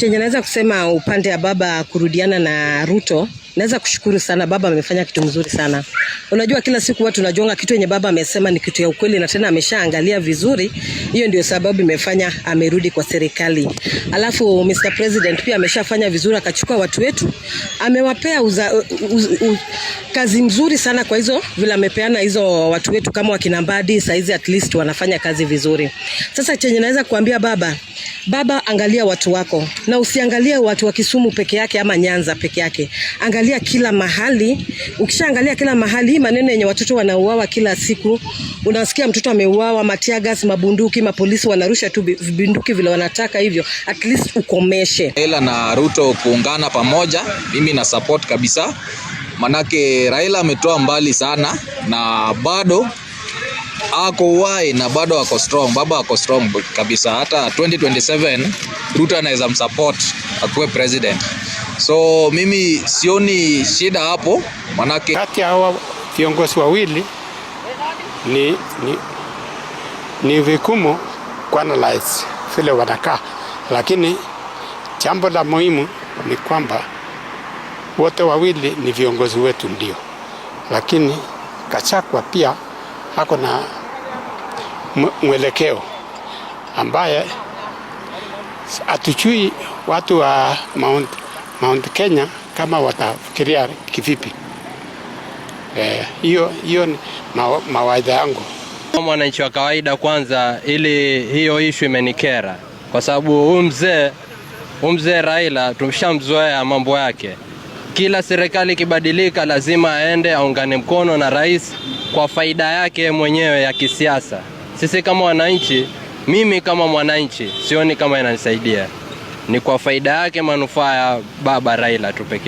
Chenye naweza kusema upande ya baba kurudiana na Ruto, naweza kushukuru sana baba, amefanya kitu mzuri sana. Unajua kila siku watu tunajonga kitu yenye baba amesema ni kitu ya ukweli, na tena ameshaangalia vizuri. Hiyo ndio sababu imefanya amerudi kwa serikali. Alafu Mr President pia ameshafanya vizuri, akachukua watu wetu, amewapea uza, u, u, u, kazi mzuri sana kwa hizo vile amepeana hizo watu wetu kama wakina Mbadi, saizi at least wanafanya kazi vizuri. Sasa chenye naweza kuambia baba Baba, angalia watu wako na usiangalie watu wa Kisumu peke yake ama Nyanza peke yake, angalia kila mahali. Ukishaangalia kila mahali, hii maneno yenye watoto wanauawa kila siku, unasikia mtoto ameuawa, matiagas, mabunduki, mapolisi wanarusha tu vibinduki vile wanataka hivyo, at least ukomeshe. Raila na Ruto kuungana pamoja, mimi na support kabisa, manake Raila ametoa mbali sana na bado ako uwai na bado ako strong, baba ako strong kabisa. Hata 2027 Ruto anaweza msupport akuwe president, so mimi sioni shida hapo, manake kati ya hawa viongozi wawili ni, ni, ni vigumu kuanalyze vile wanakaa, lakini jambo la muhimu ni kwamba wote wawili ni viongozi wetu, ndio, lakini kachakwa pia ako na mwelekeo ambaye hatujui watu wa Mount, Mount Kenya kama watafikiria kivipi. Hiyo eh, hiyo ma, mawaidha yangu mwananchi wa kawaida. Kwanza ili hiyo ishu imenikera kwa sababu huyu mzee huyu mzee Raila tumshamzoea mambo yake. Kila serikali ikibadilika, lazima aende aungane mkono na rais kwa faida yake mwenyewe ya kisiasa sisi kama wananchi, mimi kama mwananchi sioni kama inanisaidia, ni kwa faida yake manufaa ya baba Raila tu pekee.